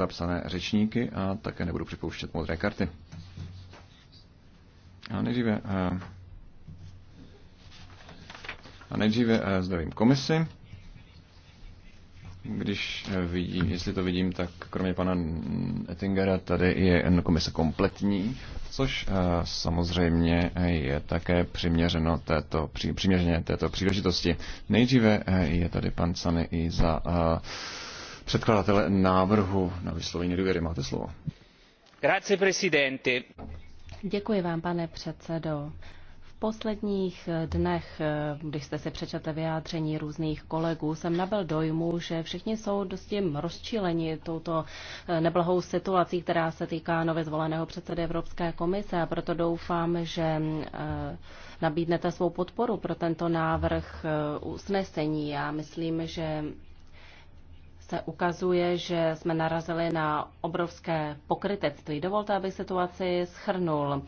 zapsané řečníky a také nebudu připouštět modré karty. A nejdříve, eh, a nejdříve eh, zdravím komisi. Když eh, vidím, jestli to vidím, tak kromě pana Ettingera tady je komise kompletní, což samozřejmě je také přiměřeno této, přiměřeně této příležitosti. Nejdříve je tady pan Sany i za předkladatele návrhu na vyslovení důvěry. Máte slovo. Grazie, presidente. Děkuji vám, pane předsedo posledních dnech, když jste si přečetli vyjádření různých kolegů, jsem nabil dojmu, že všichni jsou dosti rozčíleni touto neblahou situací, která se týká nově zvoleného předsedy Evropské komise a proto doufám, že eh, nabídnete svou podporu pro tento návrh eh, usnesení. Já myslím, že se vlastně ukazuje, že jsme narazili na obrovské pokrytectví. Dovolte, aby situaci schrnul.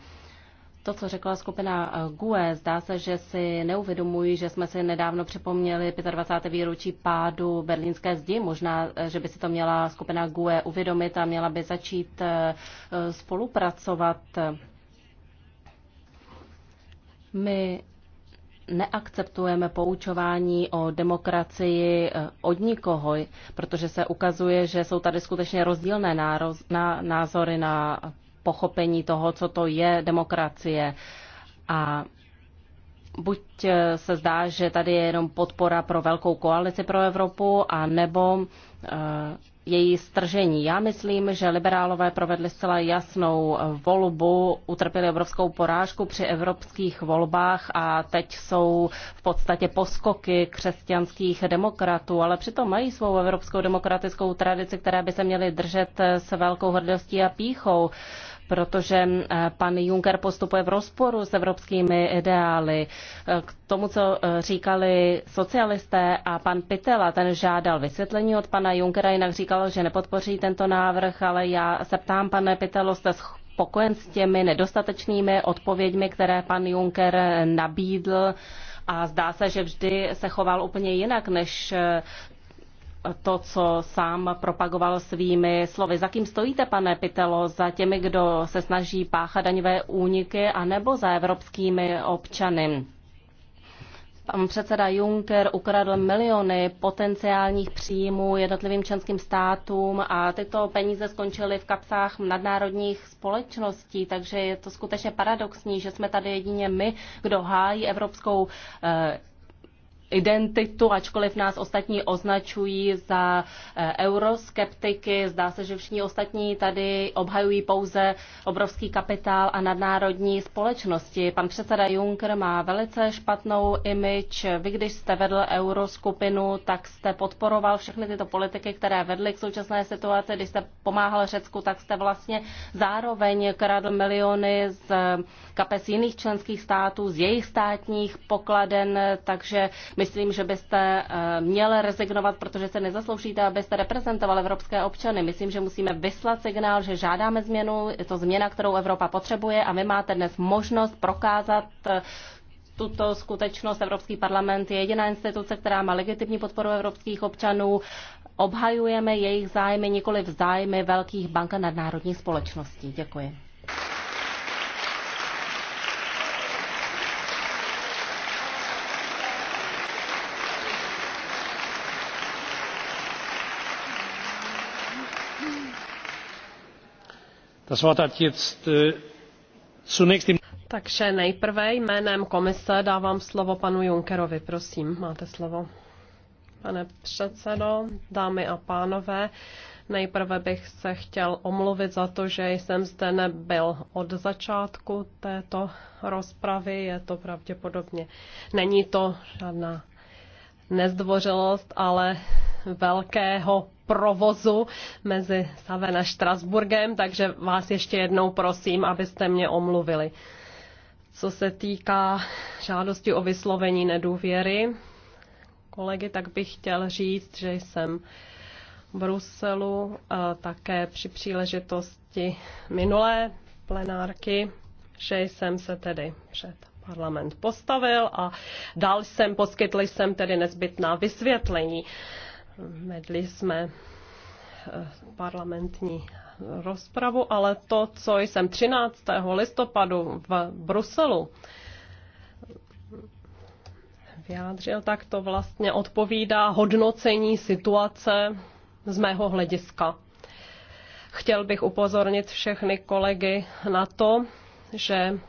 To, co řekla skupina GUE, zdá se, že si neuvědomují, že jsme si nedávno připomněli 25. výročí pádu berlínské zdi. Možná, že by si to měla skupina GUE uvědomit a měla by začít eh, spolupracovat. My neakceptujeme poučování o demokracii eh, od nikoho, protože se ukazuje, že jsou tady skutečně rozdílné názory na pochopení toho, co to je demokracie. A buď eh, se zdá, že tady je jenom podpora pro velkou koalici pro Evropu, a nebo eh, její stržení. Já myslím, že liberálové provedli zcela jasnou volbu, utrpěli obrovskou porážku při evropských volbách a teď jsou v podstatě poskoky křesťanských demokratů, ale přitom mají svou evropskou demokratickou tradici, které by se měly držet s velkou hrdostí a píchou protože eh, pan Juncker postupuje v rozporu s evropskými ideály. Eh, k tomu, co eh, říkali socialisté a pan Pitela, ten žádal vysvětlení od pana Junckera, jinak říkal, že nepodpoří tento návrh, ale já se ptám, pane Pitelo, jste spokojen s těmi nedostatečnými odpověďmi, které pan Juncker nabídl a zdá se, že vždy se choval úplně jinak, než to, co sám propagoval svými slovy. Za kým stojíte, pane Pitelo? Za těmi, kdo se snaží páchat daňové úniky, anebo za evropskými občany? Pan předseda Juncker ukradl miliony potenciálních příjmů jednotlivým členským státům a tyto peníze skončily v kapsách nadnárodních společností, takže je to skutečně paradoxní, že jsme tady jedině my, kdo hájí evropskou eh, identitu, ačkoliv nás ostatní označují za eh, euroskeptiky. Zdá se, že všichni ostatní tady obhajují pouze obrovský kapitál a nadnárodní společnosti. Pan předseda Juncker má velice špatnou imič. Vy, když jste vedl euroskupinu, tak jste podporoval všechny tyto politiky, které vedly k současné situaci. Když jste pomáhal Řecku, tak jste vlastně zároveň kradl miliony z kapes jiných členských států, z jejich státních pokladen, takže Myslím, že byste eh, měl rezignovat, protože se nezasloužíte, abyste reprezentoval evropské občany. Myslím, že musíme vyslat signál, že žádáme změnu, je to změna, kterou Evropa potřebuje a vy máte dnes možnost prokázat eh, tuto skutečnost. Evropský parlament je jediná instituce, která má legitimní podporu evropských občanů. Obhajujeme jejich zájmy, nikoli v zájmy velkých bank a nadnárodních společností. Děkuji. Eh, Takže nejprve jménem komise dávám slovo panu Junckerovi. Prosím, máte slovo. Pane předsedo, dámy a pánové, nejprve bych se chtěl omluvit za to, že jsem zde nebyl od začátku této rozpravy. Je to pravděpodobně, není to žádná nezdvořilost, ale velkého provozu mezi Saven a Štrasburgem, takže vás ještě jednou prosím, abyste mě omluvili. Co se týká žádosti o vyslovení nedůvěry kolegy, tak bych chtěl říct, že jsem v Bruselu eh, také při příležitosti minulé plenárky, že jsem se tedy před parlament postavil a dal jsem, poskytli jsem tedy nezbytná vysvětlení. Vedli jsme eh, parlamentní rozpravu, ale to, co jsem 13. listopadu v Bruselu vyjádřil, tak to vlastně odpovídá hodnocení situace z mého hlediska. Chtěl bych upozornit všechny kolegy na to, že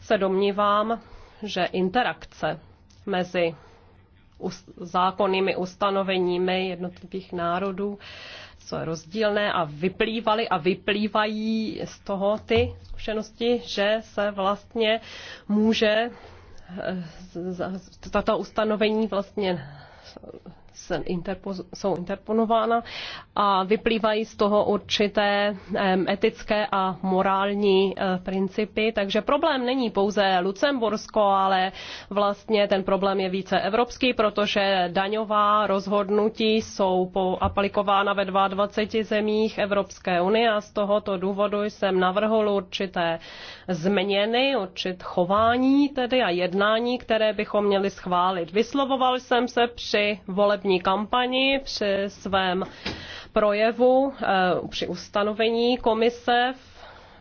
se domnívám, že interakce mezi zákonnými ustanoveními jednotlivých národů, co je rozdílné a vyplývaly a vyplývají z toho ty zkušenosti, že se vlastně může eh, tato ustanovení vlastně jsou interponována a vyplývají z toho určité etické a morální eh, principy. Takže problém není pouze Lucembursko, ale vlastně ten problém je více evropský, protože daňová rozhodnutí jsou aplikována ve 22 zemích Evropské unie a z tohoto důvodu jsem navrhl určité změny, určit chování tedy a jednání, které bychom měli schválit. Vyslovoval jsem se při volební volební kampani při svém projevu eh, při ustanovení komise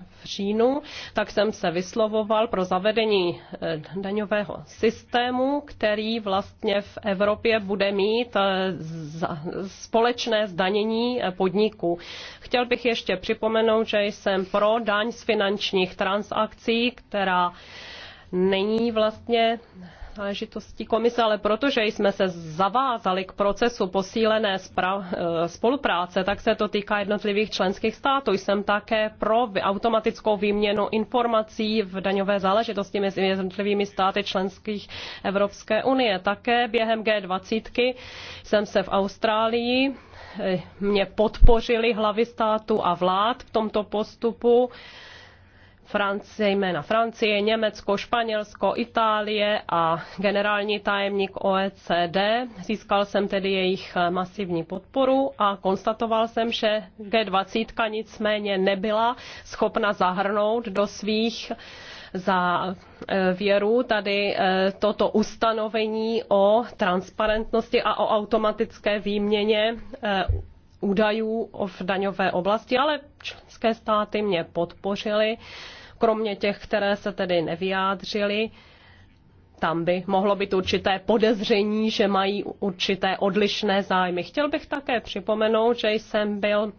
v říjnu, tak jsem se vyslovoval pro zavedení eh, daňového systému, který vlastně v Evropě bude mít eh, společné zdanění podniků. Chtěl bych ještě připomenout, že jsem pro daň z finančních transakcí, která není vlastně záležitostí komise, ale protože jsme se zavázali k procesu posílené eh, spolupráce, tak se to týká jednotlivých členských států. Jsem také pro automatickou výměnu informací v daňové záležitosti mezi jednotlivými státy členských Evropské unie. Také během G20 jsem se v Austrálii eh, mě podpořili hlavy států a vlád v tomto postupu. Francie, jména Francie, Německo, Španělsko, Itálie a generální tajemník OECD. Získal jsem tedy jejich masivní podporu a konstatoval jsem, že G20 nicméně nebyla schopna zahrnout do svých za e, věru tady e, toto ustanovení o transparentnosti a o automatické výměně e, údajů v daňové oblasti, ale členské státy mě podpořily, kromě těch, které se tedy nevyjádřily. Tam by mohlo být určité podezření, že mají určité odlišné zájmy. Chtěl bych také připomenout, že jsem byl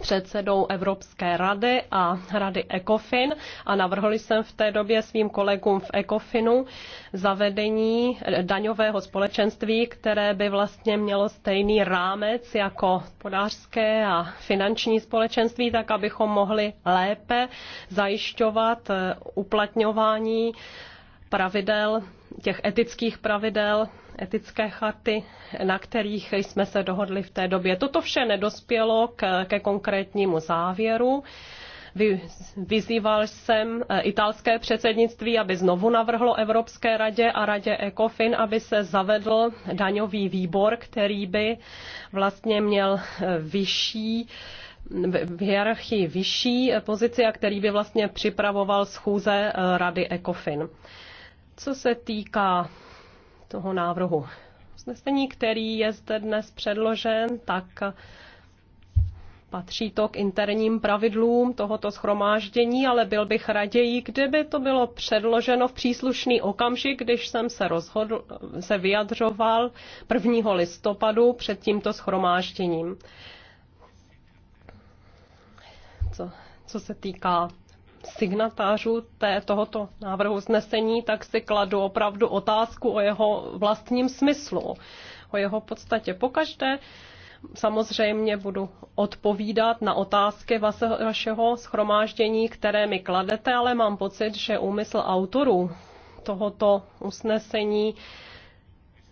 předsedou Evropské rady a rady ECOFIN a navrhli jsem v té době svým kolegům v ECOFINu zavedení eh, daňového společenství, které by vlastně mělo stejný rámec jako podářské a finanční společenství, tak abychom mohli lépe zajišťovat eh, uplatňování pravidel, těch etických pravidel, etické charty, na kterých jsme se dohodli v té době. Toto vše nedospělo k, ke konkrétnímu závěru. Vy, vyzýval jsem eh, italské předsednictví, aby znovu navrhlo Evropské radě a radě ECOFIN, aby se zavedl daňový výbor, který by vlastně měl eh, vyšší v hierarchii vyšší pozici a který by vlastně připravoval schůze eh, Rady ECOFIN. Co se týká toho návrhu usnesení, který je zde dnes předložen, tak patří to k interním pravidlům tohoto schromáždění, ale byl bych raději, kdyby to bylo předloženo v příslušný okamžik, když jsem se rozhodl, se vyjadřoval 1. listopadu před tímto schromážděním. Co, co se týká signatářů té, tohoto návrhu znesení, tak si kladu opravdu otázku o jeho vlastním smyslu, o jeho podstatě. Pokaždé samozřejmě budu odpovídat na otázky vašeho schromáždění, které mi kladete, ale mám pocit, že úmysl autorů tohoto usnesení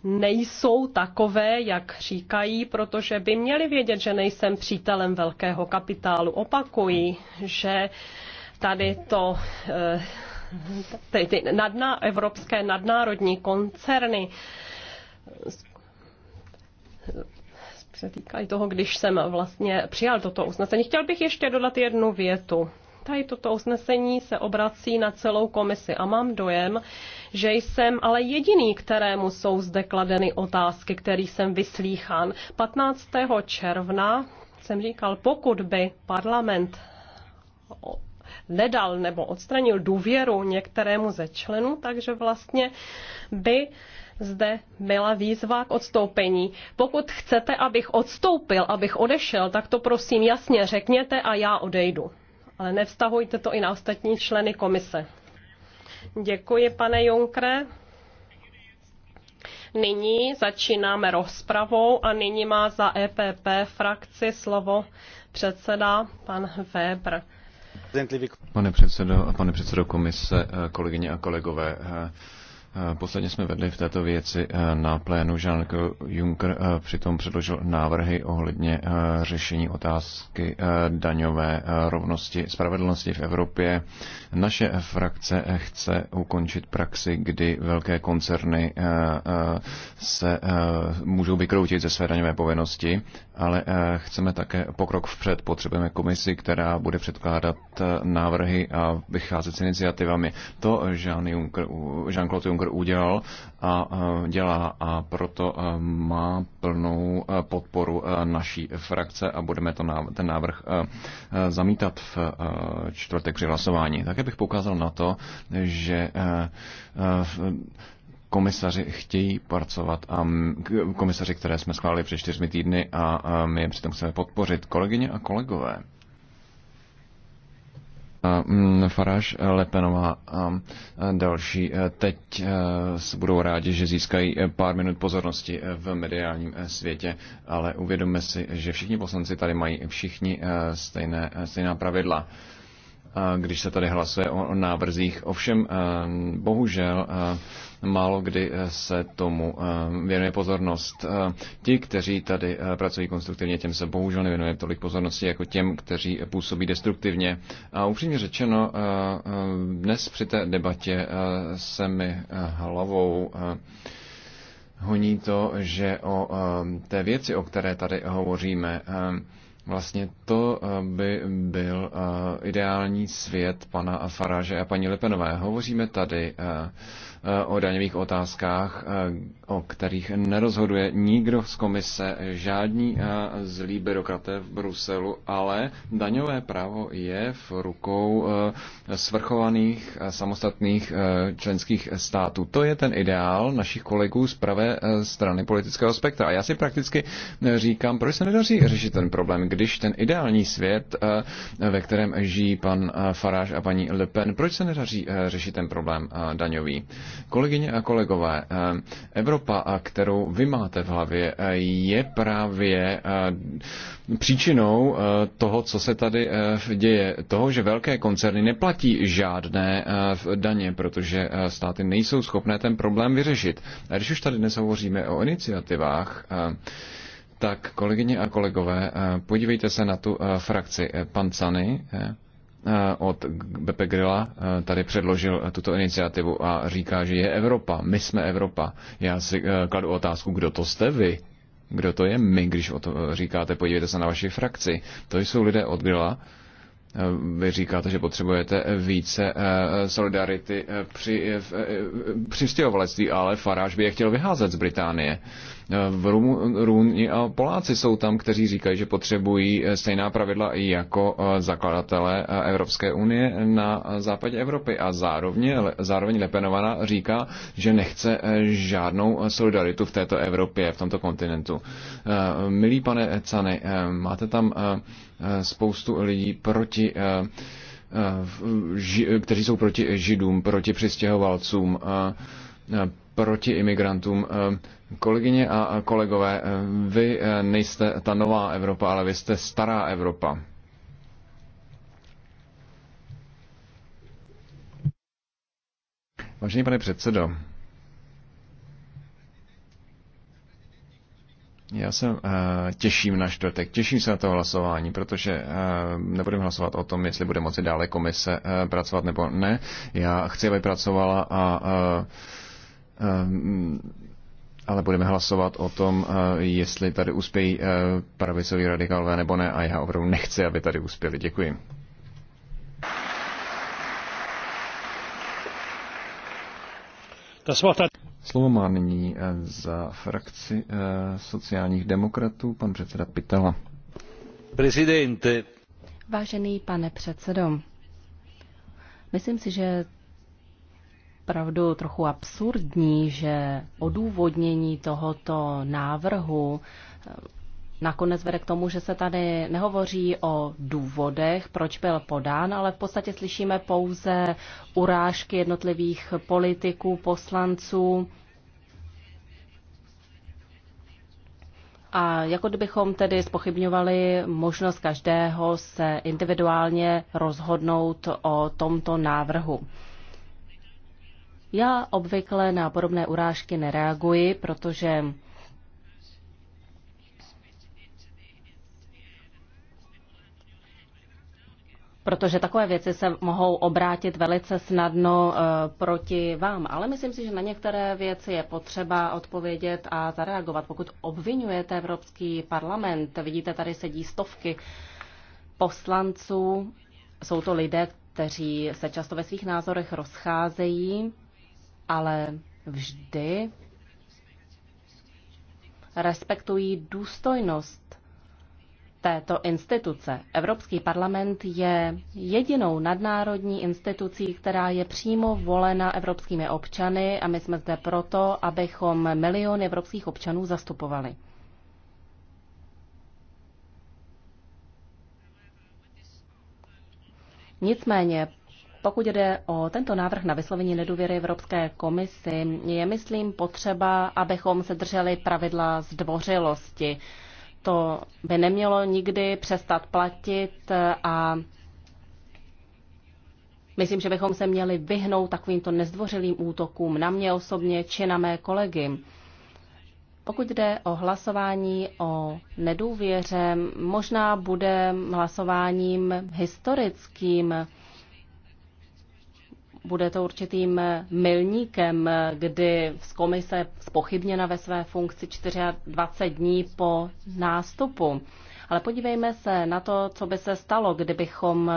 nejsou takové, jak říkají, protože by měli vědět, že nejsem přítelem velkého kapitálu. Opakuji, že tady to eh, ty, ty nadná, evropské nadnárodní koncerny se týká i toho, když jsem vlastně přijal toto usnesení. Chtěl bych ještě dodat jednu větu. Tady toto usnesení se obrací na celou komisi a mám dojem, že jsem ale jediný, kterému jsou zde kladeny otázky, který jsem vyslýchán. 15. června jsem říkal, pokud by parlament nedal nebo odstranil důvěru některému ze členů, takže vlastně by zde byla výzva k odstoupení. Pokud chcete, abych odstoupil, abych odešel, tak to prosím jasně řekněte a já odejdu. Ale nevztahujte to i na ostatní členy komise. Děkuji, pane Junkre. Nyní začínáme rozpravou a nyní má za EPP frakci slovo předseda pan Weber. Pane předsedo, pane předsedo komise, eh, kolegyně a kolegové, eh, Eh, posledně jsme vedli v této věci eh, na plénu jean Juncker eh, přitom předložil návrhy ohledně řešení otázky daňové rovnosti spravedlnosti v Evropě. Naše frakce chce ukončit praxi, kdy velké koncerny se můžou vykroutit ze své daňové povinnosti, ale chceme také pokrok vpřed. Potřebujeme komisi, která bude předkládat návrhy a vycházet s iniciativami. To Jean-Claude Juncker, Juncker udělal a dělá a proto e, má plnou e, podporu e, naší frakce a budeme to návrh, ten návrh zamítat v čtvrtek při hlasování. Také bych poukázal na to, že komisaři chtějí pracovat a komisaři, které jsme schválili před čtyřmi týdny a my je přitom chceme podpořit. Kolegyně a kolegové, Mm, Faraž, Lepenová a další e, teď se budou rádi, že získají e, pár minut pozornosti e, v mediálním světě, ale uvědomme si, že všichni poslanci tady mají všichni stejné, stejná pravidla když se tady hlasuje o návrzích. Ovšem, bohužel, málo kdy eh, se tomu eh, věnuje pozornost. Eh, ti, kteří tady pracují konstruktivně, těm se bohužel nevěnuje tolik pozornosti jako těm, kteří působí destruktivně. A upřímně řečeno, dnes při té debatě se mi hlavou honí to, že o té věci, o které tady hovoříme, Vlastně to by byl ideální svět pana Faráže a paní Lepenové. Hovoříme tady Eh, o daňových otázkách, eh, o kterých nerozhoduje nikdo z komise, žádní eh, zlí byrokraté v Bruselu, ale daňové právo je v rukou svrchovaných samostatných členských států. To je ten ideál našich kolegů z pravé strany politického spektra. A já si prakticky říkám, proč se nedaří řešit ten problém, když ten ideální svět, ve kterém žijí pan Faráž a paní Le Pen, proč se nedaří řešit ten problém daňový? Kolegyně a kolegové, eh, Evropa, kterou vy máte v hlavě, eh, je právě eh, příčinou toho, co se tady děje. Toho, že velké koncerny neplatí žádné daně, protože státy nejsou schopné ten problém vyřešit. A když už tady dnes hovoříme o iniciativách, tak kolegyně a kolegové, podívejte se na tu frakci. Pan Eh, od Beppe Grilla eh, tady předložil tuto iniciativu a říká, že je Evropa, my jsme Evropa. Já si eh, kladu otázku, kdo to jste vy? Kdo to je my, když o to říkáte, podívejte se na vaši frakci. To jsou lidé od Grilla. Vy říkáte, že potřebujete více solidarity při, při stěhovalectví, ale Faráž by je chtěl vyházet z Británie v Rumuni a Poláci jsou tam, kteří říkají, že potřebují eh, stejná pravidla i jako eh, zakladatelé eh, Evropské unie na západě Evropy. A zároveň, zároveň Lepenovana říká, že nechce žádnou solidaritu v této Evropě, v tomto kontinentu. Milí pane Cany, máte tam spoustu lidí proti kteří jsou proti židům, proti přistěhovalcům, proti imigrantům. Kolegyně a kolegové, eh, vy eh, nejste ta nová Evropa, ale vy jste stará Evropa. Vážený pane předsedo, Já se uh, těším na čtvrtek, těším se na to hlasování, protože uh, nebudeme hlasovat o tom, jestli bude moci dále komise uh, pracovat nebo ne. Já chci, aby pracovala a uh, ale budeme hlasovat o tom, eh, jestli tady uspějí eh, pravicoví radikálové nebo ne a já opravdu nechci, aby tady uspěli. Děkuji. Slovo má nyní eh, za frakci sociálních demokratů pan předseda Pitala. Prezidente. Vážený pane předsedo, myslím si, že opravdu trochu absurdní, že odůvodnění tohoto návrhu eh, nakonec vede k tomu, že se tady nehovoří o důvodech, proč byl podán, ale v podstatě slyšíme pouze urážky jednotlivých politiků, poslanců. A jako kdybychom tedy spochybňovali možnost každého se individuálně rozhodnout o tomto návrhu. Já obvykle na podobné urážky nereaguji, protože protože takové věci se mohou obrátit velice snadno eh, proti vám. Ale myslím si, že na některé věci je potřeba odpovědět a zareagovat. Pokud obvinujete Evropský parlament, vidíte, tady sedí stovky poslanců, jsou to lidé, kteří se často ve svých názorech rozcházejí ale vždy respektují důstojnost této instituce. Evropský parlament je jedinou nadnárodní institucí, která je přímo volena evropskými občany a my jsme zde proto, abychom miliony evropských občanů zastupovali. Nicméně pokud jde o tento návrh na vyslovení nedůvěry Evropské komisi, je, myslím, potřeba, abychom se drželi pravidla zdvořilosti. To by nemělo nikdy přestat platit a myslím, že bychom se měli vyhnout takovýmto nezdvořilým útokům na mě osobně či na mé kolegy. Pokud jde o hlasování o nedůvěře, možná bude hlasováním historickým bude to určitým milníkem, kdy z komise spochybněna ve své funkci 24 dní po nástupu. Ale podívejme se na to, co by se stalo, kdybychom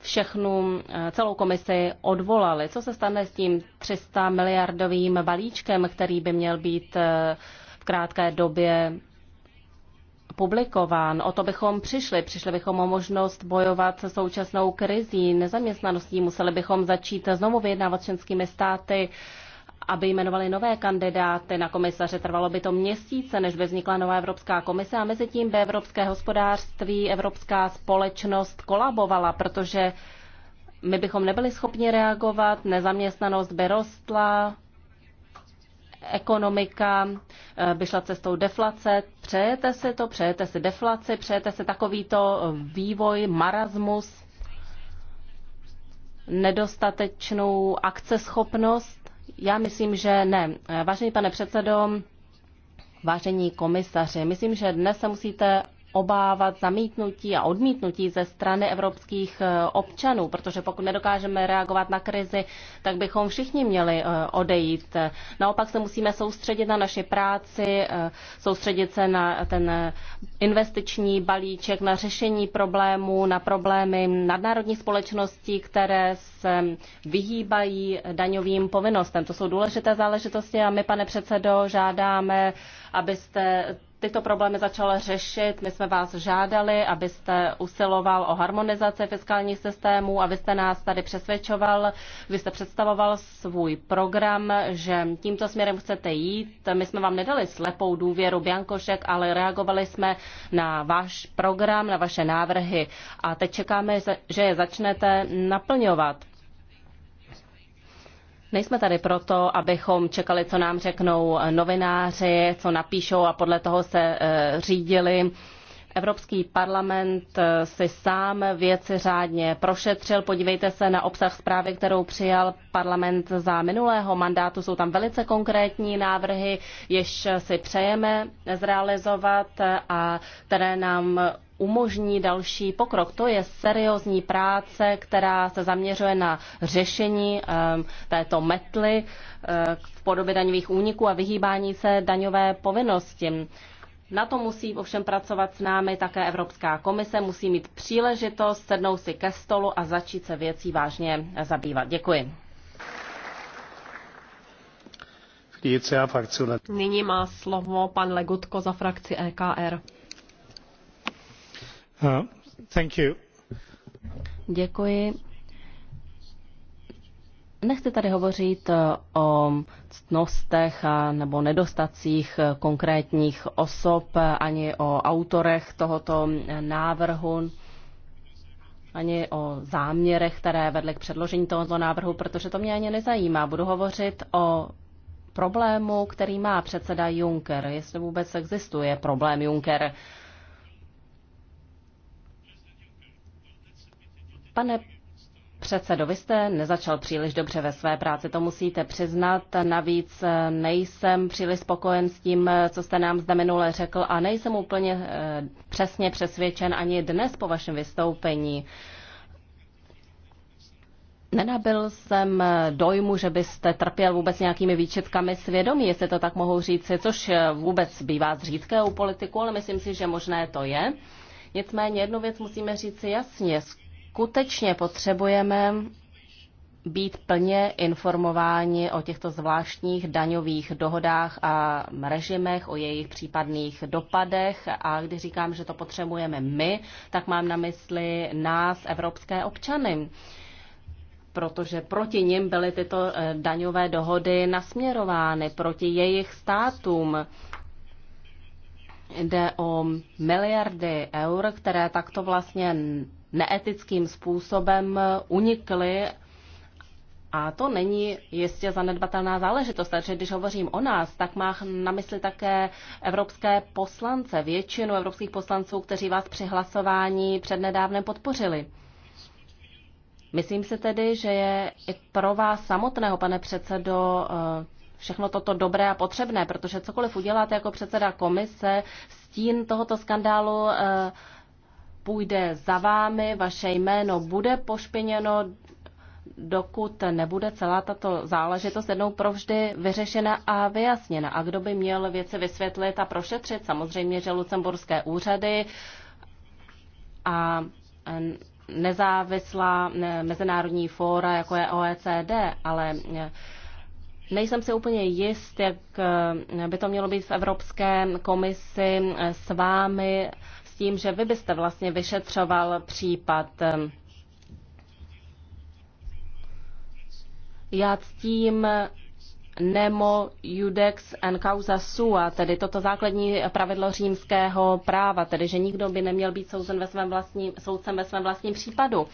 všechnu, celou komisi odvolali. Co se stane s tím 300 miliardovým balíčkem, který by měl být v krátké době publikován. O to bychom přišli. Přišli bychom o možnost bojovat se současnou krizí, nezaměstnaností. Museli bychom začít znovu vyjednávat s členskými státy, aby jmenovali nové kandidáty na komisaře. Trvalo by to měsíce, než by vznikla nová Evropská komise a mezi tím by evropské hospodářství, evropská společnost kolabovala, protože my bychom nebyli schopni reagovat, nezaměstnanost by rostla, ekonomika eh, by šla cestou deflace. Přejete si to, přejete si deflaci, přejete si takovýto eh, vývoj, marasmus, nedostatečnou akceschopnost? Já myslím, že ne. Eh, Vážený pane předsedo, vážení komisaři, myslím, že dnes se musíte obávat zamítnutí a odmítnutí ze strany evropských eh, občanů, protože pokud nedokážeme reagovat na krizi, tak bychom všichni měli eh, odejít. Naopak se musíme soustředit na naši práci, eh, soustředit se na ten investiční balíček, na řešení problémů, na problémy nadnárodní společnosti, které se vyhýbají daňovým povinnostem. To jsou důležité záležitosti a my, pane předsedo, žádáme, abyste tyto problémy začal řešit. My jsme vás žádali, abyste usiloval o harmonizaci fiskálních systémů a vy jste nás tady přesvědčoval, vy jste představoval svůj program, že tímto směrem chcete jít. My jsme vám nedali slepou důvěru Biankošek, ale reagovali jsme na váš program, na vaše návrhy a teď čekáme, že je začnete naplňovat. Nejsme tady proto, abychom čekali, co nám řeknou novináři, co napíšou a podle toho se eh, řídili. Evropský parlament eh, si sám věci řádně prošetřil. Podívejte se na obsah zprávy, kterou přijal parlament za minulého mandátu. Jsou tam velice konkrétní návrhy, jež si přejeme zrealizovat a které nám umožní další pokrok. To je seriózní práce, která se zaměřuje na řešení ehm, této metly eh, v podobě daňových úniků a vyhýbání se daňové povinnosti. Na to musí ovšem pracovat s námi také Evropská komise, musí mít příležitost sednout si ke stolu a začít se věcí vážně zabývat. Děkuji. Nyní má slovo pan Legutko za frakci EKR. Uh, Děkuji. Nechci tady hovořit uh, o ctnostech a, nebo nedostacích uh, konkrétních osob, ani o autorech tohoto návrhu, ani o záměrech, které vedly k předložení tohoto návrhu, protože to mě ani nezajímá. Budu hovořit o problému, který má předseda Juncker, jestli vůbec existuje problém Juncker. Pane předsedo, vy jste nezačal příliš dobře ve své práci, to musíte přiznat. Navíc eh, nejsem příliš spokojen s tím, eh, co jste nám zde minule řekl a nejsem úplně eh, přesně přesvědčen ani dnes po vašem vystoupení. Nenabil jsem dojmu, že byste trpěl vůbec nějakými výčetkami svědomí, jestli to tak mohu říct, což vůbec bývá zřídké u politiku, ale myslím si, že možné to je. Nicméně jednu věc musíme říct jasně skutečně potřebujeme být plně informováni o těchto zvláštních daňových dohodách a režimech, o jejich případných dopadech. A když říkám, že to potřebujeme my, tak mám na mysli nás, evropské občany protože proti nim byly tyto eh, daňové dohody nasměrovány, proti jejich státům. Jde o miliardy eur, které takto vlastně neetickým způsobem unikly a to není jistě zanedbatelná záležitost. Takže když hovořím o nás, tak má na mysli také evropské poslance, většinu evropských poslanců, kteří vás při hlasování přednedávnem podpořili. Myslím si tedy, že je i pro vás samotného, pane předsedo, eh, všechno toto dobré a potřebné, protože cokoliv uděláte jako předseda komise, stín tohoto skandálu eh, půjde za vámi, vaše jméno bude pošpiněno, dokud nebude celá tato záležitost jednou provždy vyřešena a vyjasněna. A kdo by měl věci vysvětlit a prošetřit? Samozřejmě, že lucemburské úřady a nezávislá mezinárodní fóra, jako je OECD, ale Nejsem si úplně jist, jak by to mělo být v Evropské komisi s vámi tím, že vy byste vlastně vyšetřoval případ. Ehm, Já ctím nemo judex en causa sua, tedy toto základní pravidlo římského práva, tedy že nikdo by neměl být souzen ve svém vlastním, soudcem ve svém vlastním případu.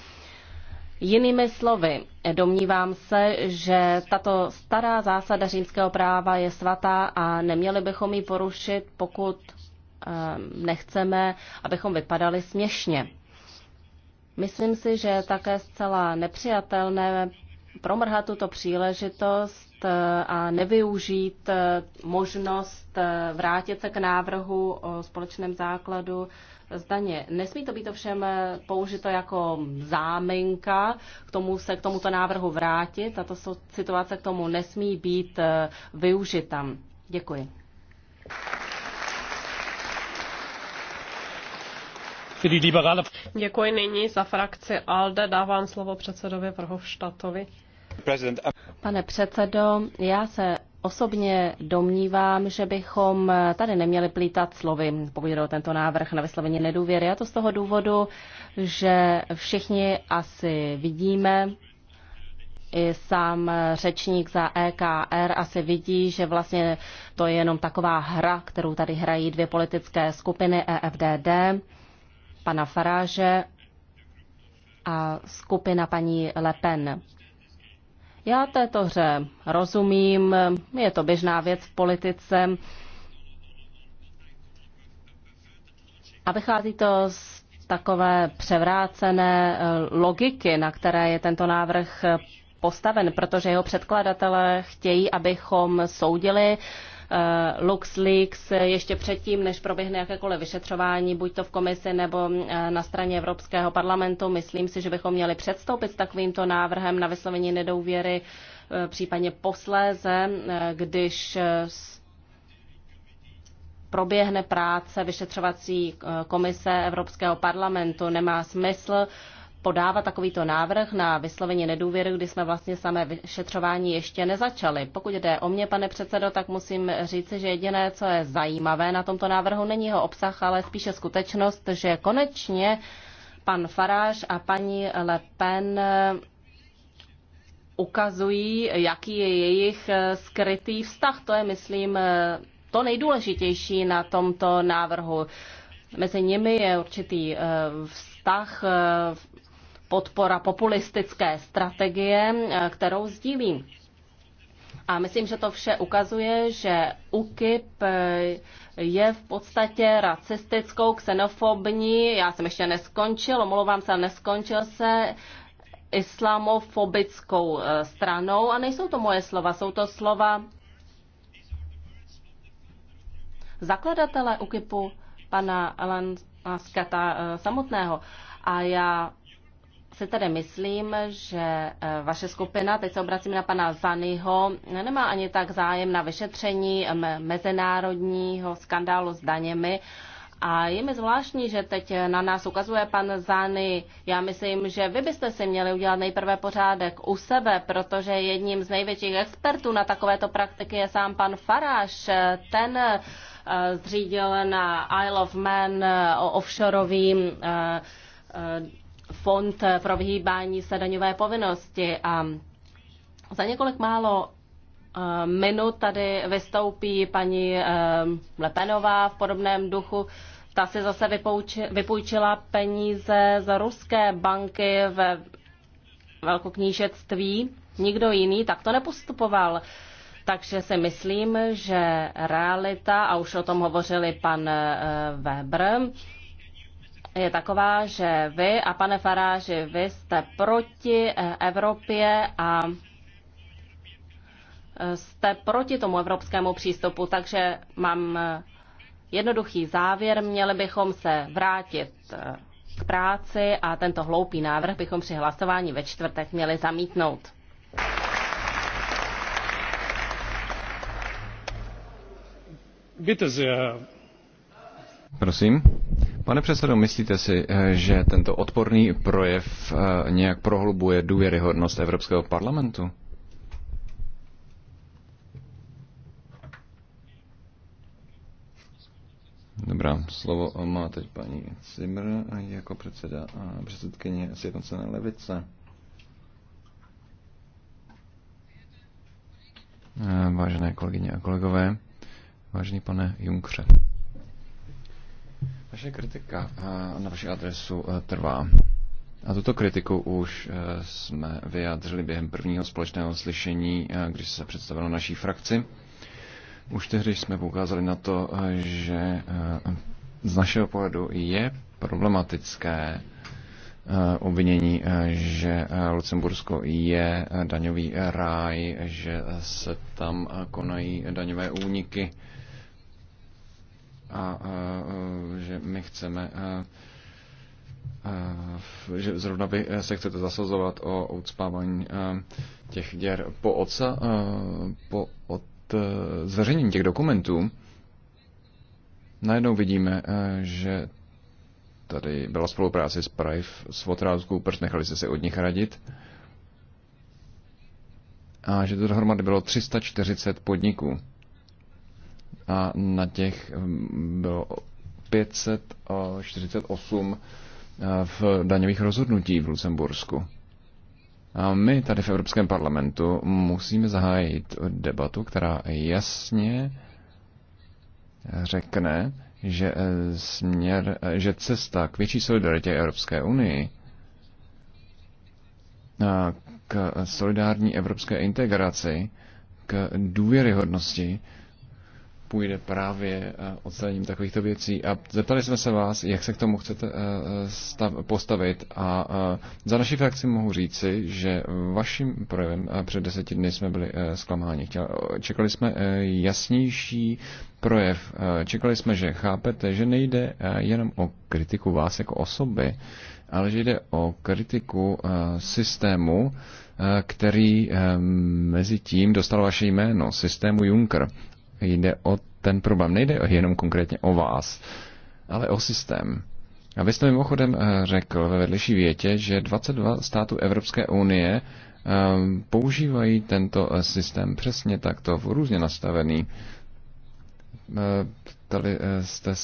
Jinými slovy, domnívám se, že tato stará zásada římského práva je svatá a neměli bychom ji porušit, pokud Eh, nechceme, abychom vypadali směšně. Myslím si, že je také zcela nepřijatelné promrhat tuto příležitost eh, a nevyužít eh, možnost vrátit se k návrhu o společném základu zdaně. Nesmí to být ovšem použito jako záminka k tomu se k tomuto návrhu vrátit. Tato situace k tomu nesmí být využita. Děkuji. Děkuji nyní za frakci ALDE. Dávám slovo předsedovi Vrhovštatovi. Pane předsedo, já se osobně domnívám, že bychom tady neměli plítat slovy, pokud jde o tento návrh na vyslovení nedůvěry. A to z toho důvodu, že všichni asi vidíme, i sám řečník za EKR asi vidí, že vlastně to je jenom taková hra, kterou tady hrají dvě politické skupiny EFDD pana Faráže a skupina paní Le Pen. Já této hře rozumím, je to běžná věc v politice a vychází to z takové převrácené eh, logiky, na které je tento návrh postaven, protože jeho předkladatelé chtějí, abychom soudili uh, Eh, LuxLeaks eh, ještě předtím, než proběhne jakékoliv vyšetřování, buď to v komisi nebo eh, na straně Evropského parlamentu. Myslím si, že bychom měli předstoupit s takovýmto návrhem na vyslovení nedouvěry, případně posléze, když proběhne práce vyšetřovací komise Evropského parlamentu. Nemá smysl uh, podávat takovýto návrh na vyslovení nedůvěry, kdy jsme vlastně samé vyšetřování ještě nezačali. Pokud jde o mě, pane předsedo, tak musím říci, že jediné, co je zajímavé na tomto návrhu, není jeho obsah, ale spíše skutečnost, že konečně pan Faráš a paní Le Pen eh, ukazují, jaký je jejich eh, skrytý vztah. To je, myslím, eh, to nejdůležitější na tomto návrhu. Mezi nimi je určitý vztah podpora populistické strategie, eh, kterou sdílím. A myslím, že to vše ukazuje, že UKIP eh, je v podstatě racistickou, xenofobní, já jsem ještě neskončil, omlouvám se, neskončil se, islamofobickou eh, stranou. A nejsou to moje slova, jsou to slova zakladatele UKIPu, pana Alan Skata samotného. A já se tedy myslím, že eh, vaše skupina, teď se obracím na pana Zanyho, nemá ani tak zájem na vyšetření mezinárodního skandálu s daněmi, a je mi zvláštní, že teď na nás ukazuje pan Zany. Já myslím, že vy byste si měli udělat nejprve pořádek u sebe, protože jedním z největších expertů na takovéto praktiky je sám pan Faráš. Ten eh, zřídil na Isle of Man eh, offshoreovým fond pro vyhýbání se daňové povinnosti a za několik málo eh, minut tady vystoupí paní eh, Lepenová v podobném duchu. Ta si zase vypůjčila peníze za ruské banky ve velkoknížectví. Nikdo jiný tak to nepostupoval. Takže si myslím, že realita, a už o tom hovořili pan eh, Weber, je taková, že vy a pane Faráži, vy jste proti eh, Evropě a eh, jste proti tomu evropskému přístupu, takže mám eh, jednoduchý závěr. Měli bychom se vrátit k práci a tento hloupý návrh bychom při hlasování ve čtvrtek měli zamítnout. Bitte sehr, Prosím. Pane předsedo, myslíte si, eh, že tento odporný projev eh, nějak prohlubuje důvěryhodnost Evropského parlamentu? Dobrá, slovo má teď paní Cimr eh, jako předseda a předsedkyně Sjednocené levice. Vážené kolegyně a kolegové, vážený pane Junkře. Vaše kritika eh, na vaši adresu eh, trvá. A tuto kritiku už eh, jsme vyjádřili během prvního společného slyšení, když se představilo naší frakci. Už tehdy jsme poukázali na to, že z našeho pohledu je problematické obvinění, že Lucembursko je daňový ráj, že se tam konají daňové úniky a že my chceme že zrovna vy eh, se chcete zasazovat o ucpávání eh, těch děr po, oca, eh, po od zveřejnění těch dokumentů. Najednou vidíme, že tady byla spolupráce s Prive, s Votrázkou, proč nechali jste se od nich radit. A že to dohromady bylo 340 podniků a na těch mm, bylo 548 eh, v daňových rozhodnutí v Lucembursku. A my tady v Evropském parlamentu musíme zahájit debatu, která jasně řekne, že, eh, směr, eh, že cesta k větší solidaritě Evropské unii, k solidární evropské integraci, k důvěryhodnosti půjde právě eh, odstraněním takovýchto věcí. A zeptali jsme se vás, jak se k tomu chcete eh, stav, postavit. A eh, za naši frakci mohu říci, že vaším projevem před deseti dny jsme byli zklamáni. Čekali jsme jasnější projev. Čekali jsme, že chápete, že nejde jenom o kritiku vás jako osoby, ale že jde o kritiku systému, který mezi tím dostal vaše jméno, systému Juncker jde o ten problém. Nejde jenom konkrétně o vás, ale o systém. A vy jste mimochodem eh, řekl ve vedlejší větě, že 22 států Evropské unie eh, používají tento eh, systém přesně takto, v různě nastavený. Ptali jste,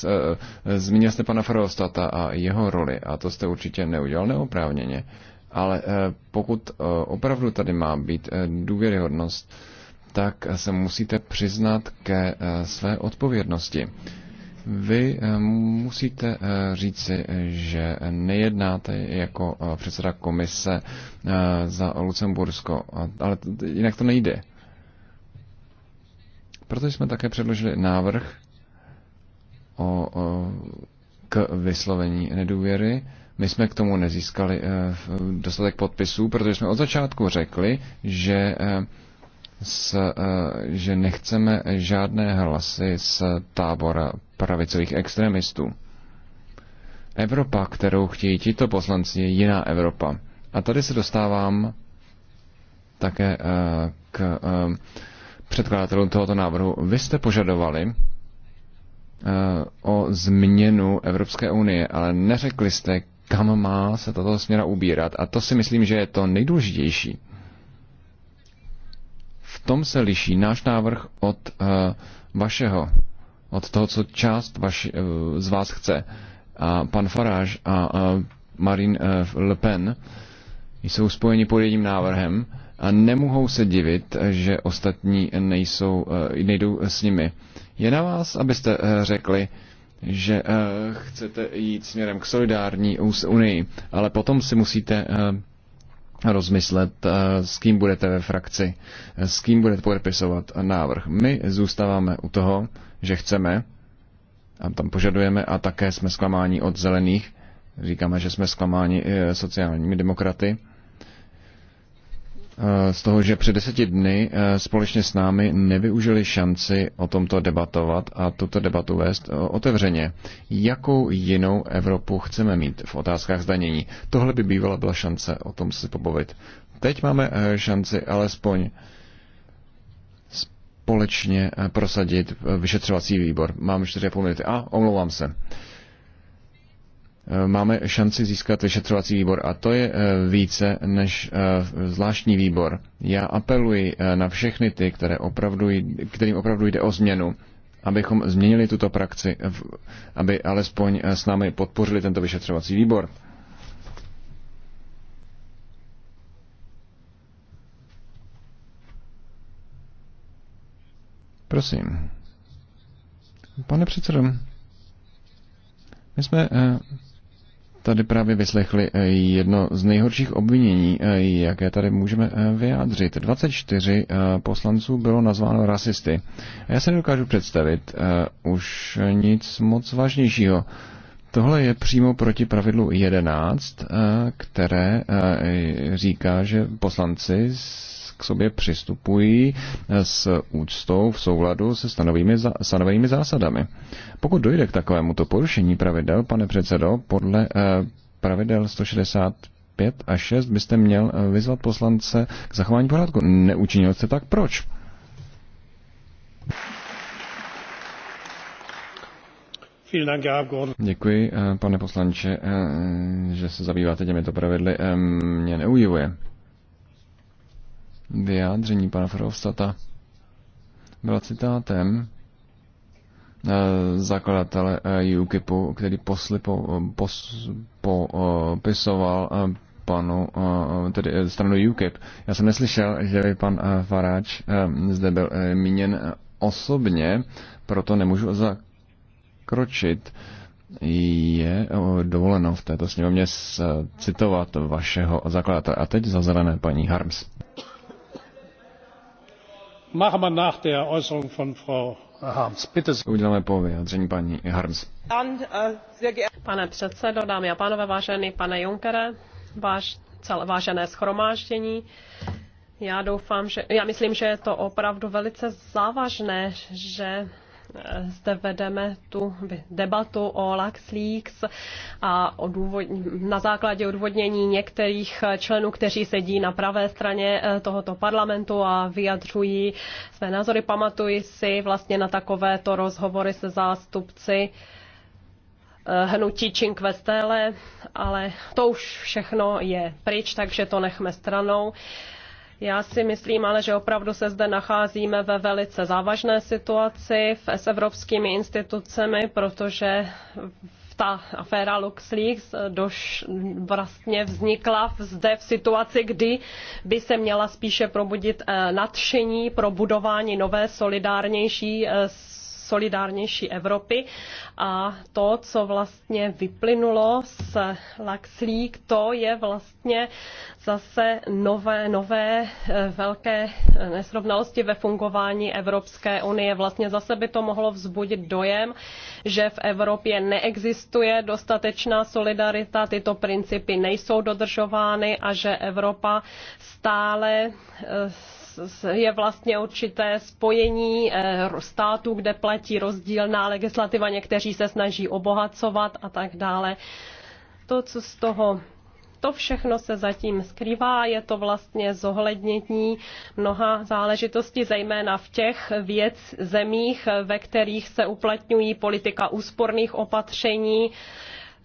zmínil jste pana Farostata a jeho roli a to jste určitě neudělal neoprávněně. Ale pokud opravdu tady má být důvěryhodnost, tak se musíte přiznat ke eh, své odpovědnosti. Vy eh, musíte eh, říci, že nejednáte jako předseda komise za Lucembursko, ale jinak to nejde. Proto jsme také předložili návrh o, o, k vyslovení nedůvěry. My jsme k tomu nezískali dostatek podpisů, protože jsme od začátku řekli, že s, eh, že nechceme žádné hlasy z tábora pravicových extremistů. Evropa, kterou chtějí tito poslanci, je jiná Evropa. A tady se dostávám také eh, k eh, předkladatelům tohoto návrhu. Vy jste požadovali o změnu Evropské unie, ale neřekli jste, kam má se tato směra ubírat. A to si myslím, že je to nejdůležitější tom se liší náš návrh od eh, vašeho, od toho, co část vaši, eh, z vás chce. A pan Farage a Marine eh, Le Pen jsou spojeni pod jedním návrhem a nemohou se divit, že ostatní nejsou, nejdou s nimi. Je na vás, abyste řekli, že chcete jít směrem k solidární unii, ale potom si musíte rozmyslet, eh, s kým budete ve frakci, eh, s kým budete podepisovat návrh. My zůstáváme u toho, že chceme, a tam požadujeme, a také jsme zklamáni od zelených, říkáme, že jsme zklamáni eh, sociálními demokraty, Eh, z toho, že před deseti dny eh, společně s námi nevyužili šanci o tomto debatovat a tuto debatu vést eh, otevřeně. Jakou jinou Evropu chceme mít v otázkách zdanění? Tohle by bývala byla šance o tom si pobavit. Teď máme šanci alespoň společně prosadit vyšetřovací výbor. Mám 4,5 minuty. A, omlouvám se. Eh, máme šanci získat vyšetřovací výbor a to je eh, více než eh, zvláštní výbor. Já apeluji na všechny ty, které opravdu, kterým opravdu jde o změnu, abychom změnili tuto praxi, aby alespoň s námi podpořili tento vyšetřovací výbor. Prosím. Pane předsedo, my jsme tady právě vyslechli eh, jedno z nejhorších obvinění, eh, jaké tady můžeme eh, vyjádřit. 24 poslanců bylo nazváno rasisty. já se nedokážu představit už nic moc vážnějšího. Tohle je přímo proti pravidlu 11, které říká, že poslanci k sobě přistupují eh, s úctou v souladu se stanovými, stanovými zásadami. Pokud dojde k takovémuto porušení pravidel, pane předsedo, podle eh, pravidel 160 5 a 6 byste měl eh, vyzvat poslance k zachování pořádku. Neučinil jste tak, proč? Děkuji, pane poslanče, že se zabýváte těmito pravidly. Mě neujivuje vyjádření pana Frostata byla citátem eh, zakladatele eh, UKIPu, který poslipo, pos, popisoval eh, panu, tedy stranu UKIP. Já jsem neslyšel, že by pan Faráč zde byl míněn osobně, proto nemůžu zakročit. Je dovoleno v této sněmovně citovat vašeho zakladatele. A teď za zelené paní Harms paní Harms. Äh, pane předsedo, dámy a pánové, vážený pane Junckere, váš, vážené schromáždění, já doufám, že, já myslím, že je to opravdu velice závažné, že zde vedeme tu debatu o LaxLeaks a na základě odvodnění některých členů, kteří sedí na pravé straně eh, tohoto parlamentu a vyjadřují své názory. Pamatuji si vlastně na takovéto rozhovory se zástupci eh, hnutí Cinque Stelle, ale to už všechno je pryč, takže to nechme stranou. Já si myslím ale, že opravdu se zde nacházíme ve velice závažné situaci s evropskými institucemi, protože ta aféra LuxLeaks eh, doš, vlastně vznikla zde v situaci, kdy by se měla spíše probudit eh, nadšení pro budování nové solidárnější eh, solidárnější Evropy a to, co vlastně vyplynulo z Laxlík, to je vlastně zase nové, nové eh, velké eh, nesrovnalosti ve fungování Evropské unie. Vlastně zase by to mohlo vzbudit dojem, že v Evropě neexistuje dostatečná solidarita, tyto principy nejsou dodržovány a že Evropa stále eh, je vlastně určité spojení eh, států, kde platí rozdílná legislativa, někteří se snaží obohacovat a tak dále. To, co z toho to všechno se zatím skrývá, je to vlastně zohlednění mnoha záležitostí, zejména v těch věc zemích, ve kterých se uplatňují politika úsporných opatření,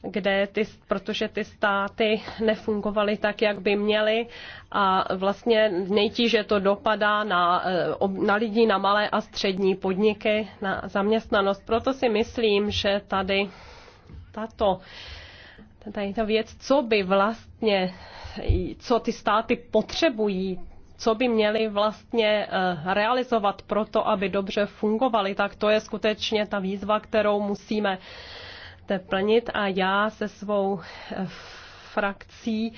kde ty, protože ty státy nefungovaly tak, jak by měly a vlastně nejtíže to dopadá na, eh, na lidi, na malé a střední podniky, na zaměstnanost. Proto si myslím, že tady tato tady ta věc, co by vlastně, co ty státy potřebují, co by měli vlastně eh, realizovat proto, aby dobře fungovaly, tak to je skutečně ta výzva, kterou musíme chcete plnit a já se svou eh, frakcí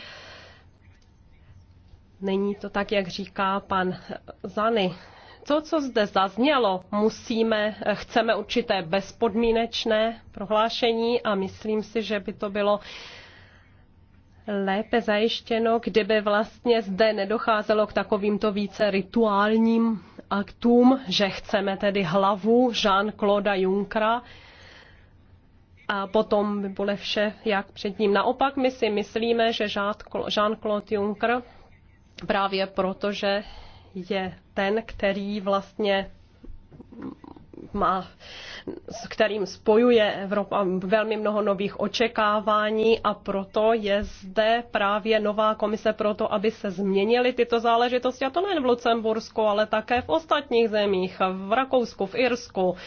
Není to tak, jak říká pan Zany. To, co zde zaznělo, musíme, eh, chceme určité bezpodmínečné prohlášení a myslím si, že by to bylo lépe zajištěno, kdyby vlastně zde nedocházelo k takovýmto více rituálním aktům, že chceme tedy hlavu Jean-Claude Junckera, a potom by bude vše jak předtím. Naopak my si myslíme, že Jean-Claude Juncker právě proto, že je ten, který vlastně má, s kterým spojuje Evropa velmi mnoho nových očekávání a proto je zde právě nová komise proto, aby se změnily tyto záležitosti a to nejen v Lucembursku, ale také v ostatních zemích, v Rakousku, v Irsku,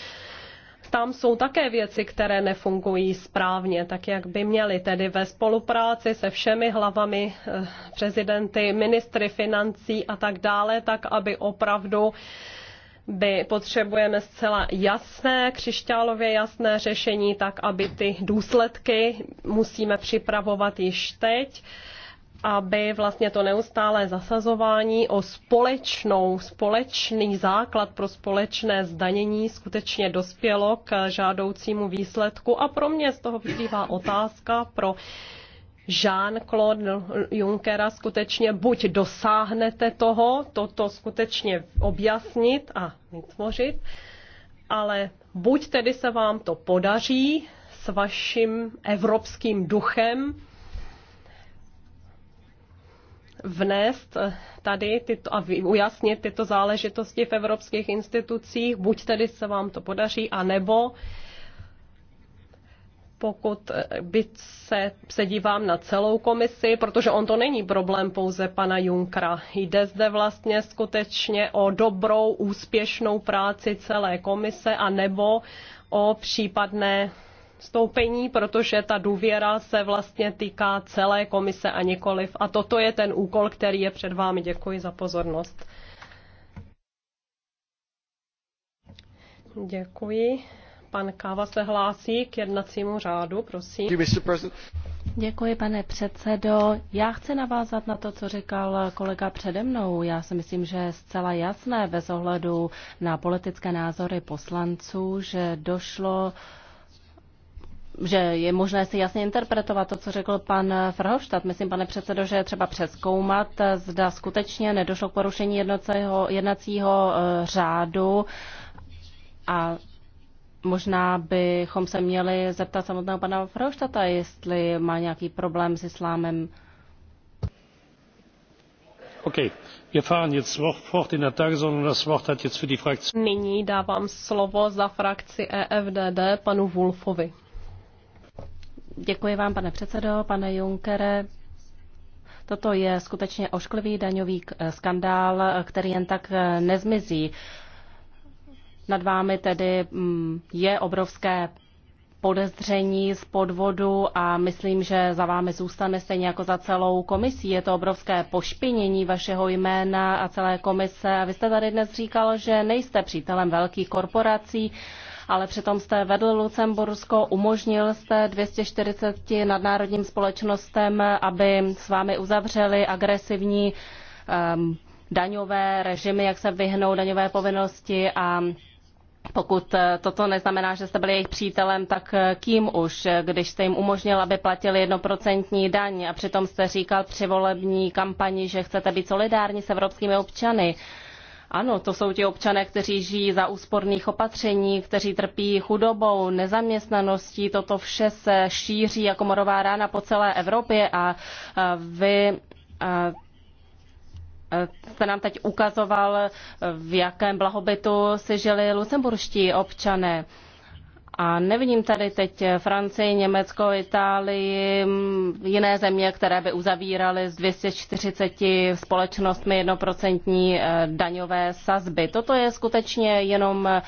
tam jsou také věci, které nefungují správně, tak jak by měly, tedy ve spolupráci se všemi hlavami eh, prezidenty, ministry financí a tak dále, tak aby opravdu by potřebujeme zcela jasné, křišťálově jasné řešení, tak aby ty důsledky musíme připravovat již teď aby vlastně to neustále zasazování o společnou, společný základ pro společné zdanění skutečně dospělo k žádoucímu výsledku. A pro mě z toho vyplývá otázka pro Jean-Claude Junckera skutečně buď dosáhnete toho, toto skutečně objasnit a vytvořit, ale buď tedy se vám to podaří s vaším evropským duchem, vnést eh, tady tyto, a ujasnit tyto záležitosti v evropských institucích. Buď tedy se vám to podaří, anebo pokud eh, by se, se dívám na celou komisi, protože on to není problém pouze pana Junkra. Jde zde vlastně skutečně o dobrou, úspěšnou práci celé komise a nebo o případné stoupení, protože ta důvěra se vlastně týká celé komise a nikoliv. A toto je ten úkol, který je před vámi. Děkuji za pozornost. Děkuji. Pan Káva se hlásí k jednacímu řádu, prosím. Děkuji, pane předsedo. Já chci navázat na to, co říkal kolega přede mnou. Já si myslím, že je zcela jasné bez ohledu na politické názory poslanců, že došlo uh, že je možné si jasně interpretovat to, co řekl pan Frhoštat. Myslím, pane předsedo, že je třeba přeskoumat, zda skutečně nedošlo k porušení jednacího, jednacího řádu a Možná bychom se měli zeptat samotného pana Froštata, jestli má nějaký problém s islámem. Nyní dávám slovo za frakci EFDD panu Wolfovi. Děkuji vám, pane předsedo, pane Junkere. Toto je skutečně ošklivý daňový eh, skandál, eh, který jen tak eh, nezmizí. Nad vámi tedy mm, je obrovské podezření z podvodu a myslím, že za vámi zůstane stejně jako za celou komisí. Je to obrovské pošpinění vašeho jména a celé komise. A vy jste tady dnes říkal, že nejste přítelem velkých korporací ale přitom jste vedl Lucembursko, umožnil jste 240 nadnárodním společnostem, aby s vámi uzavřeli agresivní um, daňové režimy, jak se vyhnou daňové povinnosti a pokud eh, toto neznamená, že jste byli jejich přítelem, tak eh, kým už, když jste jim umožnil, aby platili jednoprocentní daň a přitom jste říkal při volební kampani, že chcete být solidární s evropskými občany. Ano, to jsou ti občané, kteří žijí za úsporných opatření, kteří trpí chudobou, nezaměstnaností. Toto vše se šíří jako morová rána po celé Evropě a vy jste nám teď ukazoval, v jakém blahobytu si žili lucemburští občané. A nevidím tady teď Francii, Německo, Itálii, jiné země, které by uzavíraly s 240 společnostmi jednoprocentní eh, daňové sazby. Toto je skutečně jenom eh,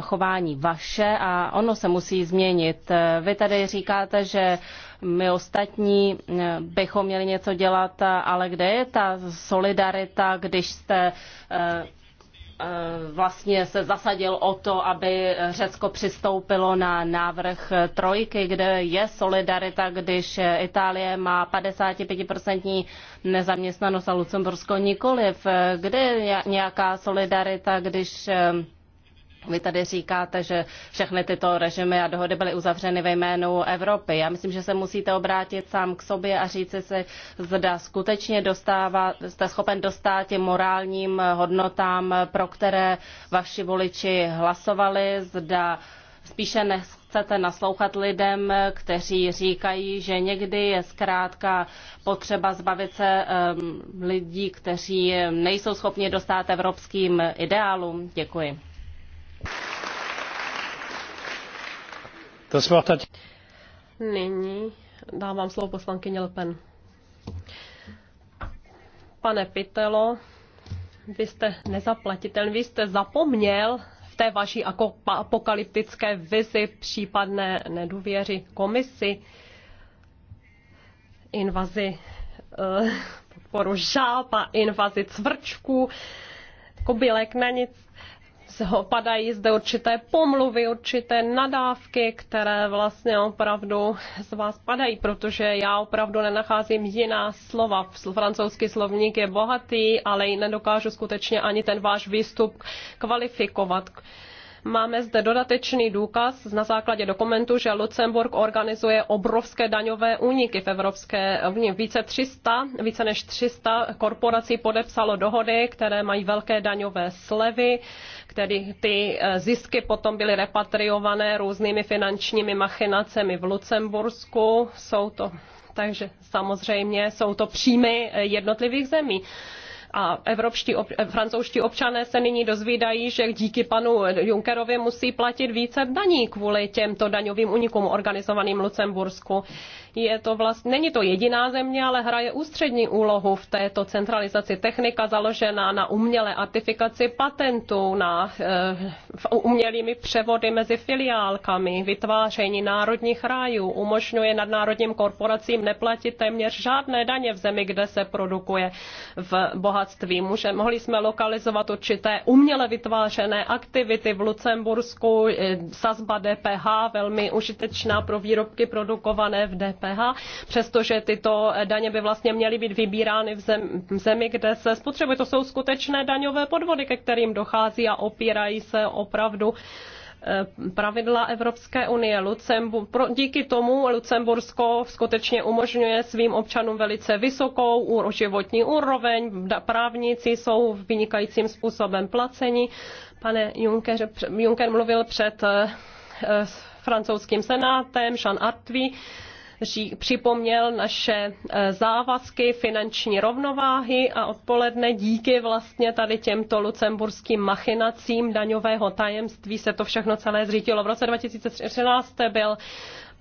chování vaše a ono se musí změnit. Eh, vy tady říkáte, že my ostatní bychom měli něco dělat, ale kde je ta solidarita, když jste Eh, vlastně se zasadil o to, aby Řecko přistoupilo na návrh trojky, kde je solidarita, když Itálie má 55% nezaměstnanost a Lucembursko nikoliv. Kde je nějaká solidarita, když eh, vy tady říkáte, že všechny tyto režimy a dohody byly uzavřeny ve jménu Evropy. Já myslím, že se musíte obrátit sám k sobě a říci si, zda skutečně dostává, jste schopen dostat těm morálním hodnotám, pro které vaši voliči hlasovali, zda spíše nechcete naslouchat lidem, kteří říkají, že někdy je zkrátka potřeba zbavit se lidí, kteří nejsou schopni dostat evropským ideálům. Děkuji. Nyní dávám slovo poslankyně Lepen. Pane Pitelo, vy jste nezaplatitel, vy jste zapomněl v té vaší apokalyptické vizi případné nedůvěři komisi, invazi eh, podporu žáb a invazi cvrčků, kobylek na nic padají zde určité pomluvy, určité nadávky, které vlastně opravdu z vás padají, protože já opravdu nenacházím jiná slova. Francouzský slovník je bohatý, ale i nedokážu skutečně ani ten váš výstup kvalifikovat. Máme zde dodatečný důkaz na základě dokumentu, že Lucemburg organizuje obrovské daňové úniky v Evropské unii. Více, 300, více než 300 korporací podepsalo dohody, které mají velké daňové slevy, které ty eh, zisky potom byly repatriované různými finančními machinacemi v Lucembursku. Jsou to takže samozřejmě jsou to příjmy jednotlivých zemí a evropští, eh, francouzští občané se nyní dozvídají, že díky panu Junckerovi musí platit více daní kvůli těmto daňovým unikům organizovaným v Lucembursku je to vlast, není to jediná země, ale hraje ústřední úlohu v této centralizaci. Technika založená na umělé artifikaci patentů, na uh, umělými převody mezi filiálkami, vytváření národních rájů, umožňuje nadnárodním korporacím neplatit téměř žádné daně v zemi, kde se produkuje v bohatství. Může, mohli jsme lokalizovat určité uměle vytvářené aktivity v Lucembursku, eh, sazba DPH velmi užitečná pro výrobky produkované v DPH DPH, přestože tyto daně by vlastně měly být vybírány v zemi, kde se spotřebuje. To jsou skutečné daňové podvody, ke kterým dochází a opírají se opravdu eh, pravidla Evropské unie. Lucembur, pro, díky tomu Lucembursko skutečně umožňuje svým občanům velice vysokou životní úroveň, právníci jsou vynikajícím způsobem placeni. Pane Juncker, Juncker mluvil před eh, eh, francouzským senátem, Jean Eh, připomněl naše e, závazky finanční rovnováhy a odpoledne díky vlastně tady těmto lucemburským machinacím daňového tajemství se to všechno celé zřítilo. V roce 2013 byl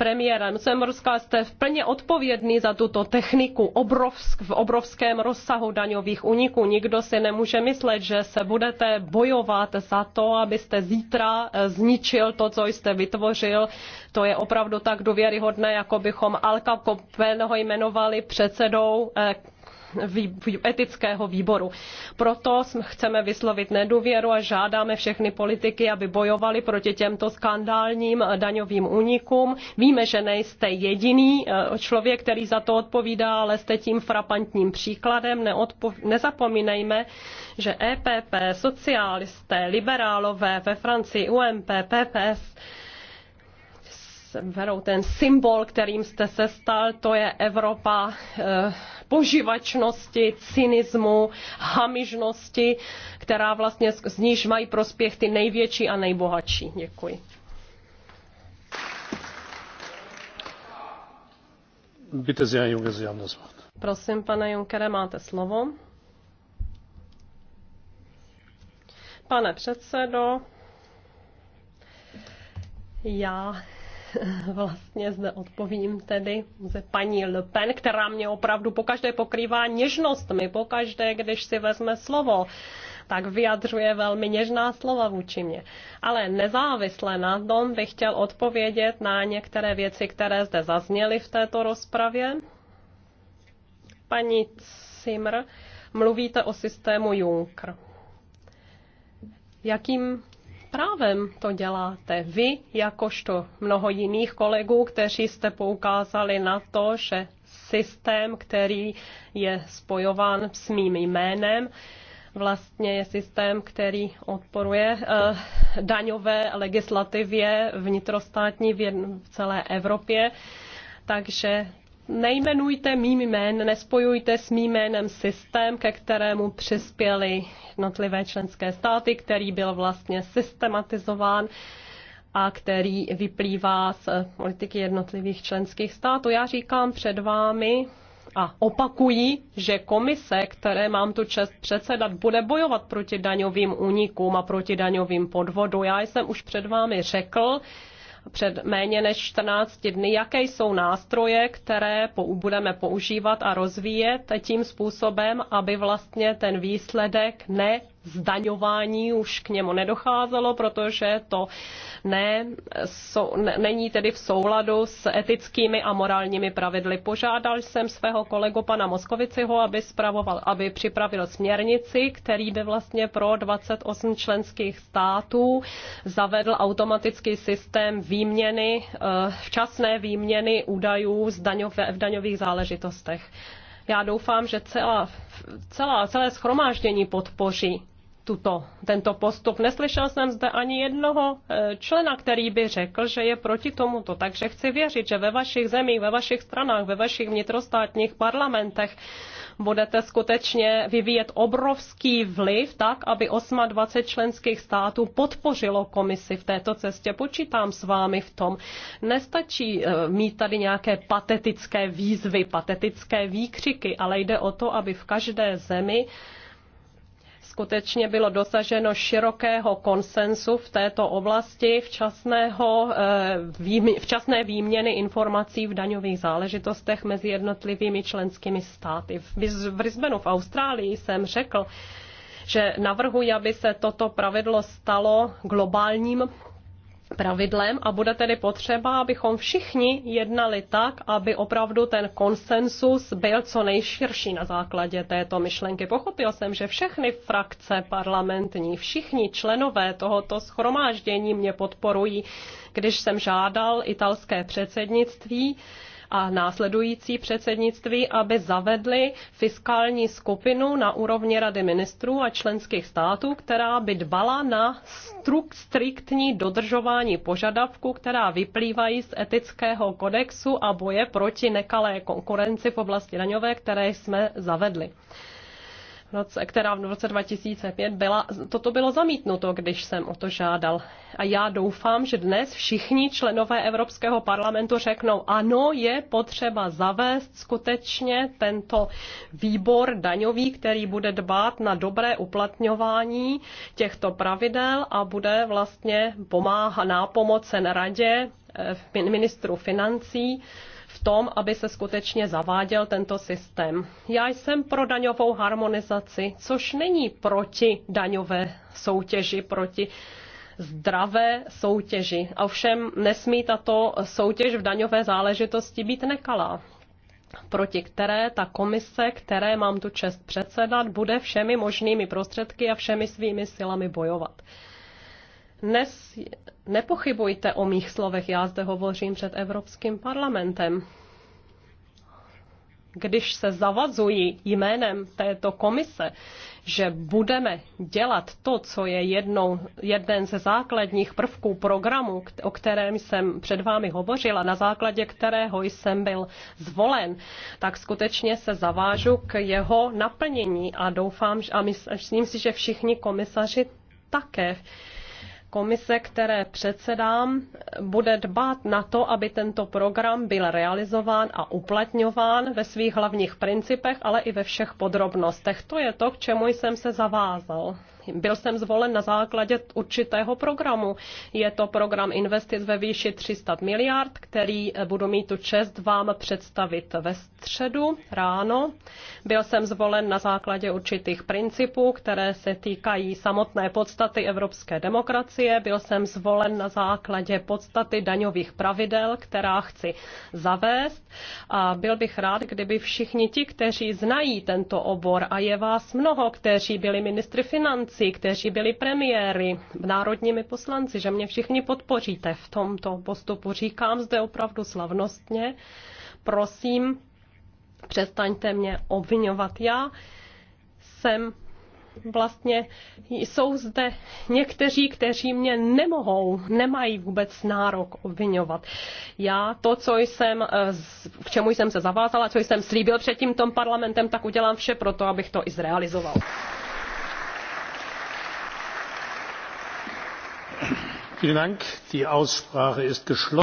premiérem Semorska jste plně odpovědný za tuto techniku obrovsk, v obrovském rozsahu daňových uniků. Nikdo si nemůže myslet, že se budete bojovat za to, abyste zítra eh, zničil to, co jste vytvořil. To je opravdu tak důvěryhodné, jako bychom Alka Kopenho jmenovali předsedou eh, etického výboru. Proto chceme vyslovit nedůvěru a žádáme všechny politiky, aby bojovali proti těmto skandálním eh, daňovým únikům. Víme, že nejste jediný eh, člověk, který za to odpovídá, ale jste tím frapantním příkladem. Neodpo- nezapomínejme, že EPP, socialisté, liberálové ve Francii, UMP, PPS, berou ten symbol, kterým jste se stal, to je Evropa eh, poživačnosti, cynismu, hamižnosti, která vlastně z níž mají prospěch ty největší a nejbohatší. Děkuji. Bitte sehr, Junge, Sie haben das Wort. Prosím, pane Junkere, máte slovo. Pane předsedo, já vlastně zde odpovím tedy ze paní Le Pen, která mě opravdu pokaždé pokrývá něžnostmi, pokaždé, když si vezme slovo, tak vyjadřuje velmi něžná slova vůči mě. Ale nezávisle na tom bych chtěl odpovědět na některé věci, které zde zazněly v této rozpravě. Paní Simr, mluvíte o systému Juncker. Jakým právem to děláte. Vy, jakožto mnoho jiných kolegů, kteří jste poukázali na to, že systém, který je spojován s mým jménem, vlastně je systém, který odporuje eh, daňové legislativě vnitrostátní v celé Evropě. Takže nejmenujte mým jmén, nespojujte s mým jménem systém, ke kterému přispěly jednotlivé členské státy, který byl vlastně systematizován a který vyplývá z politiky jednotlivých členských států. Já říkám před vámi a opakuji, že komise, které mám tu čest předsedat, bude bojovat proti daňovým únikům a proti daňovým podvodům. Já jsem už před vámi řekl, před méně než 14 dny, jaké jsou nástroje, které budeme používat a rozvíjet tím způsobem, aby vlastně ten výsledek ne zdaňování už k němu nedocházelo, protože to ne, so, ne, není tedy v souladu s etickými a morálními pravidly. Požádal jsem svého kolegu pana Moskoviciho, aby, spravoval, aby připravil směrnici, který by vlastně pro 28 členských států zavedl automatický systém výměny, eh, včasné výměny údajů z daňové, v daňových záležitostech já doufám, že celá, celá, celé schromáždění podpoří tuto, tento postup. Neslyšel jsem zde ani jednoho eh, člena, který by řekl, že je proti tomuto. Takže chci věřit, že ve vašich zemích, ve vašich stranách, ve vašich vnitrostátních parlamentech budete skutečně vyvíjet obrovský vliv tak, aby 28 členských států podpořilo komisi v této cestě. Počítám s vámi v tom. Nestačí eh, mít tady nějaké patetické výzvy, patetické výkřiky, ale jde o to, aby v každé zemi skutečně bylo dosaženo širokého konsensu v této oblasti včasného, eh, včasné výměny informací v daňových záležitostech mezi jednotlivými členskými státy. V Brisbaneu v Austrálii jsem řekl, že navrhuji, aby se toto pravidlo stalo globálním pravidlem a bude tedy potřeba, abychom všichni jednali tak, aby opravdu ten konsensus byl co nejširší na základě této myšlenky. Pochopil jsem, že všechny frakce parlamentní, všichni členové tohoto schromáždění mě podporují, když jsem žádal italské předsednictví, a následující předsednictví, aby zavedli fiskální skupinu na úrovni Rady ministrů a členských států, která by dbala na striktní dodržování požadavků, která vyplývají z etického kodexu a boje proti nekalé konkurenci v oblasti daňové, které jsme zavedli roce, která v roce 2005 byla, toto bylo zamítnuto, když jsem o to žádal. A já doufám, že dnes všichni členové Evropského parlamentu řeknou, ano, je potřeba zavést skutečně tento výbor daňový, který bude dbát na dobré uplatňování těchto pravidel a bude vlastně pomáhat nápomocen radě eh, ministru financí v tom, aby se skutečně zaváděl tento systém. Já jsem pro daňovou harmonizaci, což není proti daňové soutěži, proti zdravé soutěži. A ovšem nesmí tato soutěž v daňové záležitosti být nekalá proti které ta komise, které mám tu čest předsedat, bude všemi možnými prostředky a všemi svými silami bojovat. Dnes nepochybujte o mých slovech, já zde hovořím před Evropským parlamentem. Když se zavazuji jménem této komise, že budeme dělat to, co je jednou, jeden ze základních prvků programu, o kterém jsem před vámi hovořila, na základě kterého jsem byl zvolen, tak skutečně se zavážu k jeho naplnění a doufám a myslím si, že všichni komisaři také komise, které předsedám, bude dbát na to, aby tento program byl realizován a uplatňován ve svých hlavních principech, ale i ve všech podrobnostech. To je to, k čemu jsem se zavázal. Byl jsem zvolen na základě určitého programu. Je to program investic ve výši 300 miliard, který eh, budu mít tu čest vám představit ve středu ráno. Byl jsem zvolen na základě určitých principů, které se týkají samotné podstaty evropské demokracie. Byl jsem zvolen na základě podstaty daňových pravidel, která chci zavést. A byl bych rád, kdyby všichni ti, kteří znají tento obor, a je vás mnoho, kteří byli ministry financí, poslanci, kteří byli premiéry, národními poslanci, že mě všichni podpoříte v tomto postupu. Říkám zde opravdu slavnostně, prosím, přestaňte mě obvinovat. Já jsem vlastně jsou zde někteří, kteří mě nemohou, nemají vůbec nárok obvinovat. Já to, co jsem, k eh, čemu jsem se zavázala, co jsem slíbil před tímto parlamentem, tak udělám vše pro to, abych to i zrealizoval.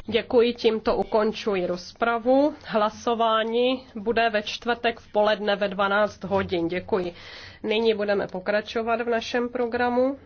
Děkuji, tímto ukončuji rozpravu. Hlasování bude ve čtvrtek v poledne ve 12 hodin. Děkuji. Nyní budeme pokračovat v našem programu.